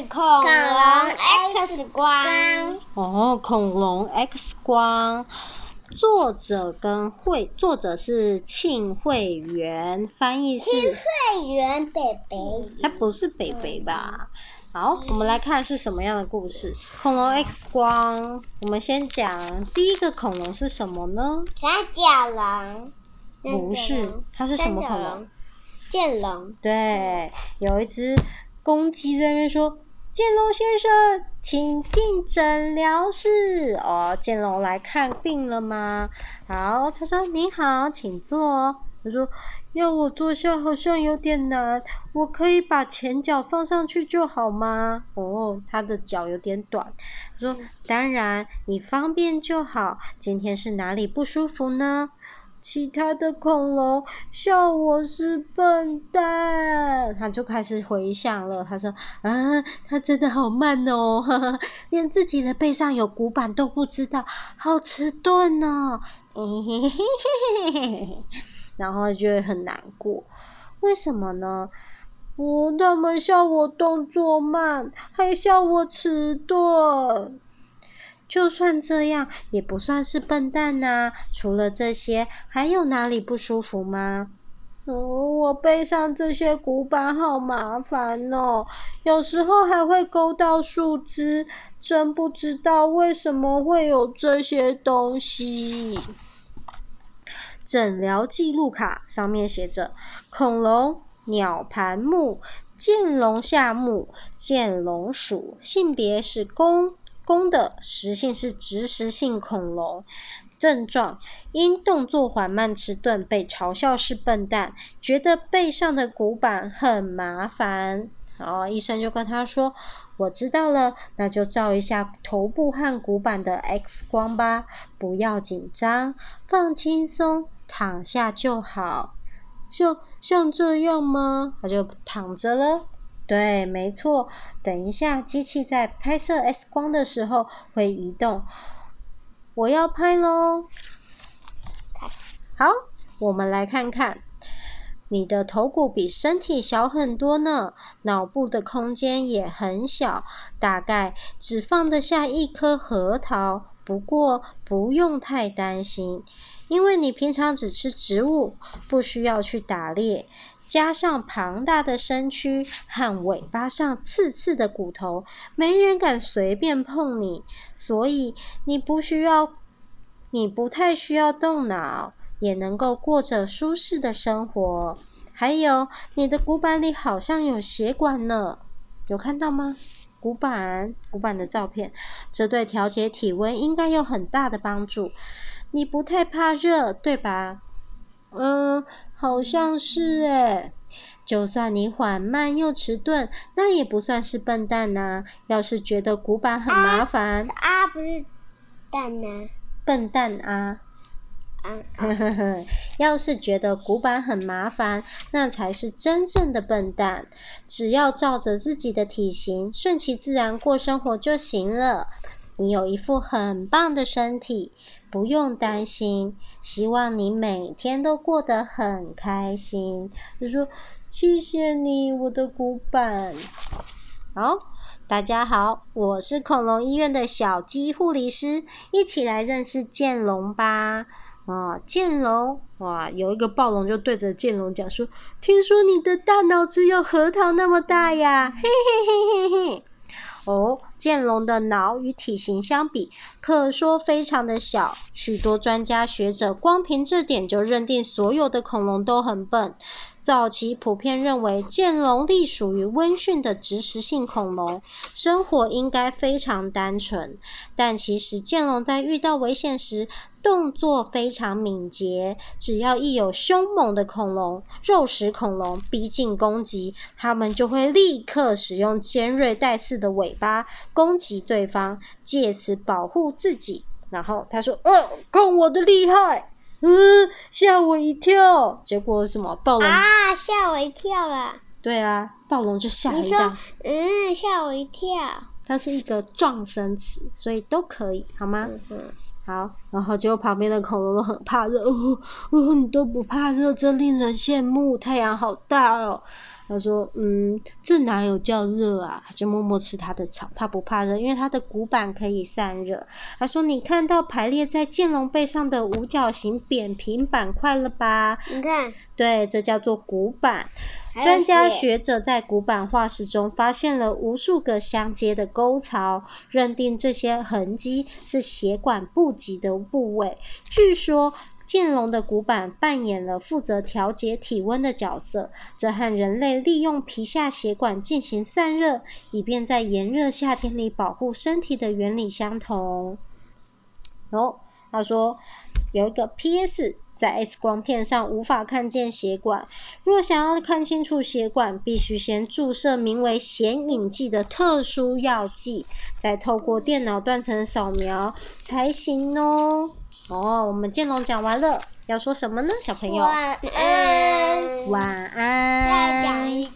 恐龍 X 光, X 光哦，恐龍 X 光，作者跟會作者是慶會員，翻譯是慶會員北北，他不是北北吧？嗯。好，我們來看是什麼樣的故事。恐龍 X 光，我們先講第一個恐龍是什麼呢？三角龍不是，它是什麼恐龍？劍龍。對，有一只公雞在那邊說。劍龍先生，請進診療室。哦，劍龍來看病了嗎？好，他說：“你好，請坐。”他說：“要我坐下好像有點難，我可以把前腳放上去就好嗎？”哦，他的腳有點短。他說：“當然，你方便就好。今天是哪裡不舒服呢？”其他的恐龍笑我是笨蛋，他就開始回想了。他說：“啊，他真的好慢哦，哈哈連自己的背上有骨板都不知道，好遲鈍哦。 ”然後就會很難過，為什麼呢？哦，他們笑我動作慢，還笑我遲鈍。就算這樣，也不算是笨蛋呢、啊。除了這些，還有哪裡不舒服嗎？哦、嗯，我背上這些骨板好麻煩哦，有時候還會勾到樹枝，真不知道為什麼會有這些東西。診療記錄卡上面寫着：恐龍鳥盤目劍龍下目劍龍屬，性別是公。公的食性是植食性恐龍，症狀，因動作緩慢遲鈍被嘲笑是笨蛋，覺得背上的骨板很麻煩。哦，醫生就跟他說：“我知道了，那就照一下頭部和骨板的 X 光吧，不要緊張，放輕鬆，躺下就好。”就像這樣嗎？他就躺着了。對，沒錯。等一下，機器在拍攝 X 光的時候會移動。我要拍嘍！好，我們來看看，你的頭骨比身體小很多呢，腦部的空間也很小，大概只放得下一顆核桃。不過不用太擔心，因為你平常只吃植物，不需要去打獵。加上龐大的身軀和尾巴上刺刺的骨頭，沒人敢隨便碰你，所以你不需要，你不太需要動腦，也能夠過着舒適的生活。還有，你的骨板裡好像有血管呢？有看到嗎？骨板，骨板的照片，這對調節體溫應該有很大的幫助。你不太怕熱，對吧？嗯，好像是誒，就算你緩慢又遲鈍，那也不算是笨蛋吶、啊。要是覺得骨板很麻煩，啊，不是，啊不是，蛋呢、啊？笨蛋啊！啊，呵呵呵。 要是覺得骨板很麻煩，那才是真正的笨蛋。只要照着自己的體型，順其自然過生活就行了。你有一副很棒的身體，不用擔心。希望你每天都過得很開心。就說謝謝你，我的骨板。好、哦，大家好，我是恐龍醫院的小雞護理師，一起來認識劍龍吧。啊、哦，劍龍哇，有一個暴龍就對着劍龍講說：“聽說你的大腦只有核桃那麼大呀！”嘿嘿嘿嘿嘿。哦。劍龍的腦與體型相比，可說非常的小。許多專家學者光憑這點就認定所有的恐龍都很笨。早期普遍認為劍龍隸屬於溫馴的植食性恐龍，生活應該非常單純。但其實劍龍在遇到危險時，動作非常敏捷。只要一有兇猛的恐龍、肉食恐龍逼近攻擊，它們就會立刻使用尖銳帶刺的尾巴。攻擊對方，借此保護自己。然後他說：“哦、嗯，看我的厲害，嗯，嚇我一跳。”結果什麼暴龍啊，嚇我一跳了。對啊，暴龍就嚇一跳。嗯，嚇我一跳。它是一個狀聲詞，所以都可以，好嗎？嗯嗯。好，然後結果旁邊的恐龍都很怕熱，哦、呃、哦、呃呃，你都不怕熱，真令人羨慕。太陽好大哦。他說：“嗯，這哪有叫熱啊？”就默默吃他的草，他不怕熱，因為他的骨板可以散熱。他說：“你看到排列在劍龍背上的五角形扁平板塊了吧？你看，對，這叫做骨板。專家學者在骨板化石中發現了無數個相接的溝槽，認定這些痕跡是血管布集的部位。據說。”劍龍的骨板扮演了負責調節體溫的角色，這和人類利用皮下血管進行散熱，以便在炎熱夏天裡保護身體的原理相同。哦，oh，他說有一個 PS。在 X 光片上無法看見血管，若想要看清楚血管，必須先注射名為顯影劑的特殊藥劑，再透過電腦斷層掃描才行哦、喔。哦，我們劍龍講完了，要說什麼呢，小朋友？晚安。晚安。晚安。